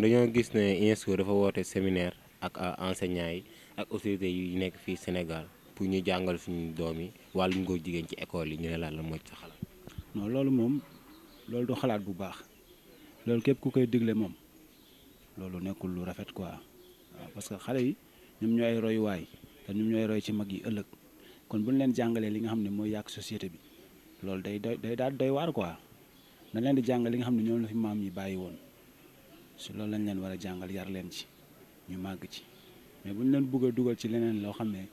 dañoo gis ne UNESCO dafa woote séminaire ak enseignants yi ak autorités yi nekk fii senegal pour ñu jàngal suñu doom yi wàllum góor jigéen ci école yi ñu ne laal la mooy sa xalaat. non loolu moom loolu du xalaat bu baax loolu képp ku koy digle moom loolu nekkul lu rafet quoi waaw parce que xale yi ñoom ay royuwaay te ñoom ñooy roy ci mag yi ëllëg kon bu ñu leen jàngalee li nga xam ne mooy yàq société bi loolu day doy day daal doy waar quoi na leen di jàngal li nga xam ne ñoom la fi maam yi bàyyi woon. si loolu lañ leen war a jàngal yar leen ci ñu màgg ci mais bu ñu leen bëgg a dugal ci leneen loo xam ne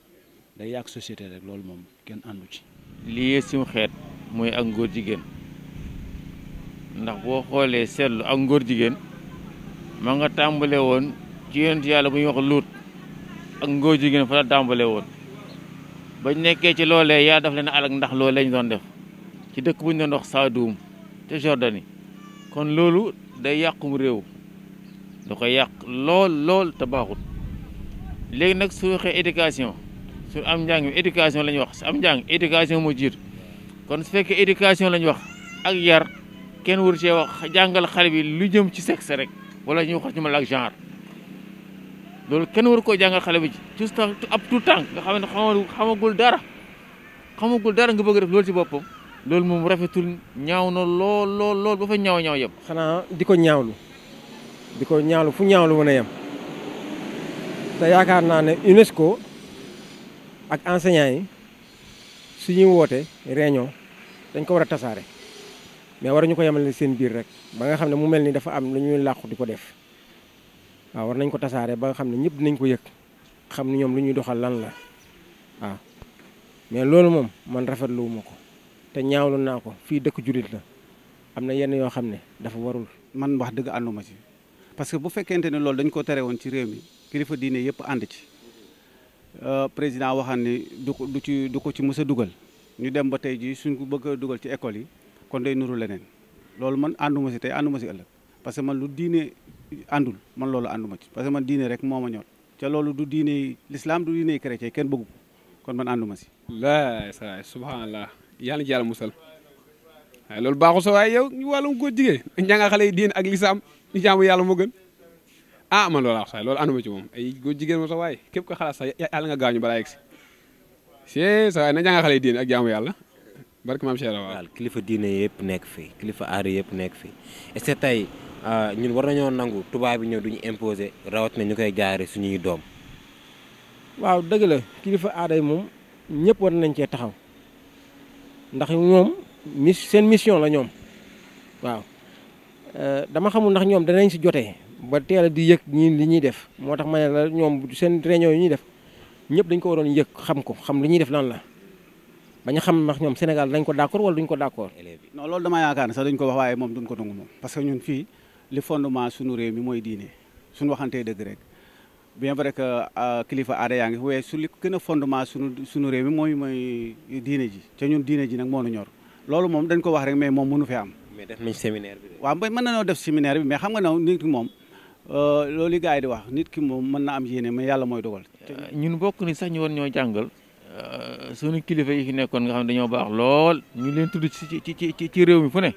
day yàq société rek loolu moom kenn àndu ci. lii suñu xeet mooy ak ngóor jigéen ndax boo xoolee seetlu ak ngóor jigéen ma nga tàmbale woon ci yonent yàlla bu ñuy wax luut ak ngóor jigéen fa la tàmbale woon bañ nekkee ci loolee yaa daf leen alak ndax loolu lañ doon def ci dëkk bu ñu doon wax Saaduum te Jordanie kon loolu day yàqum réew. da koy yàq lool lool te baaxut léegi nag su waxee éducation su am njàng éducation la ñuy wax su am njàng éducation moo jiitu kon su fekkee éducation la ñuy wax ak yar kenn waru cee wax jàngal xale bi lu jëm ci sexe rek wala ñu wax ci ma ak genre loolu kenn waru koo jàngal xale bi ci tout ab tout temps nga xam ne xamagul dara xamagul dara nga bëgg def loolu ci boppam loolu moom rafetul ñaaw na lool lool lool ba fa ñaaw ñaaw yëpp. xanaa di ko ñaawlu. di ko ñaawlu fu ñaawlu mën a yem te yaakaar naa ne UNESCO ak enseignants yi su ñuy woote réunion dañ ko war a tasaare mais war ñu ko yemale seen biir rek ba nga xam ne mu mel ni dafa am lu ñuy làqu di ko def waaw war nañ ko tasaare ba nga xam ne ñëpp nañ ko yëg xam ne ñoom lu ñuy doxal lan la waaw mais loolu moom man rafetluwuma ko te ñaawlu naa ko fii dëkk jullit la am na yenn yoo xam ne dafa warul man wax dëgg ànduma ci parce que bu fekkente ne loolu dañ ko tere woon ci réew mi kilifa diine yëpp ànd ci euh, président waxaan ni du ko du ci du ko ci mës dugal ñu dem ba tey jii suñ ko bëgg a dugal ci école yi kon day nuru leneen loolu man ànduma si tey ànduma si ëllëg parce que man lu diine àndul man loolu ànduma ci parce que man diine rek moo ma ñor te loolu du diine l'islam du diine chrétien kenn bëggu ko kon man ànduma si. laa saa subhanallah yàlla na yàlla musal loolu baaxul sa waaye yow di jaamu yàlla moo gën ah man loolu wax sax loolu ànduma ci moom ay góor jigéen moom sax waaye képp ko xalaat sax yàlla nga gaañu balaa yegg si see sa waaye na jànga xale diine ak jaamu yàlla barki maam Cheikh waaw kilifa diine yëpp nekk fii kilifa aada yëpp nekk fii est-ce que tey ah, ñun war nañoo nangu tubaab bi ñëw duñu imposer rawat na ñu koy jaare suñuy doom kilifa aada yi moom ñëpp nañ cee taxaw ndax ñoom seen mission la ñoom waaw Euh, dama xamul ndax ñoom danañ si jotee ba teel a di yëg ñii li ñuy def moo tax ma la ñoom seen réunion yi ñuy def ñëpp dañ ko waroon yëg xam ko xam li ñuy def lan la bañu xam ndax ñoom Sénégal dañ ko d'accord wala duñ ko d'accord non loolu dama yaakaar ne sax duñ ko wax waaye moom duñ ko nangu moom parce que ñun fii li fondement suñu réew mi mooy diine suñu waxantee dëgg rek bien vrai que euh, kilifa aada yaa ngi waaye su li gën a fondement suñu suñu réew mi mooy mooy diine ji te ñun diine ji nag moo nu ñor loolu moom dañ ko wax rek mais moom mënu fee am mais def nañ séminaire bi waaw mbay mën nañoo def séminaire bi mais xam nga ne nit ki moom euh, loolu gars yi di wax nit ki moom mën na am yéene mais yàlla mooy dogal. Euh, ñun bokk ni sax ñu war ñoo jàngal euh, suñu kilifa yi fi nekkoon nga xam ne dañoo baax lool ñu leen tudd ci ci ci ci réew mi fu ne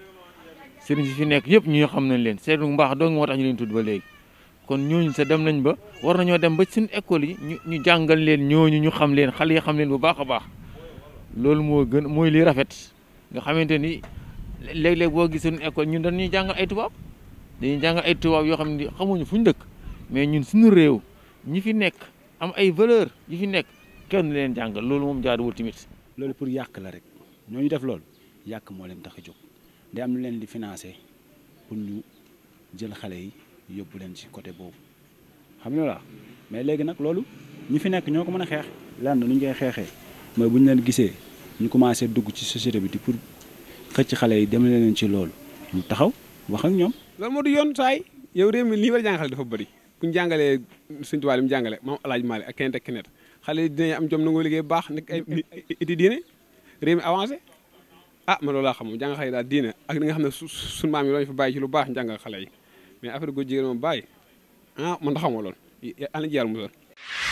sëriñ si fi nekk yëpp ñu xam nañ leen seen mbaax dong moo tax ñu leen tudd ba léegi. kon ñooñu sa dem nañ ba war nañoo dem ba seen école yi ñu ñu jàngal leen ñooñu ñu xam leen xale yi xam leen bu baax a baax loolu moo gën mooy li rafet nga xamante léegi léeg boo gisoon école ñun dañuy jàng ay tubaab dañuy jàngal ay tubaab yoo xam ne xamuñu fu ñu dëkk mais ñun suñu réew ñu fi nekk am ay valeur ñu fi nekk kenn leen jàngal loolu moom jaaduwul tamit. loolu pour yàq la rek ñoo ñu def loolu yàq moo leen tax a jóg day am lu leen di financé pour ñu jël xale yi yóbbu leen ci côté boobu xam nga la mais léegi nag loolu ñu fi nekk ñoo ko mën a xeex. lan nu ñu koy xeexee mooy bu ñu leen gisee ñu commencé dugg ci société bi di xëcc xale yi dem leen ci loolu mu taxaw wax ak ñoom. loolu moo di yoon saay yow réew mi lii war a jàngal dafa bari bu ñu jàngalee suñu tubaab yi mu jàngale maam alaaj maali ak keneen ak keneen xale yi dinañ am jom nangoo liggéey bu baax nekk ay iti diine réew mi avancé ah man loolu laa xam moom jàngal yi daal diine ak li nga xam ne suñu maam yi lañ fa bàyyi ci lu baax jàngal xale yi mais affaire góor jigéen moom bàyyi ah man taxaw ma loolu yàlla na ci mu musal